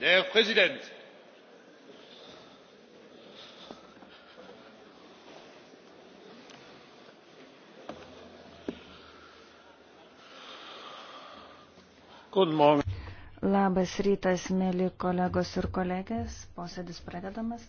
Der Präsident. Labas rytas, mėly kolegos ir kolegės. Posėdis pradedamas.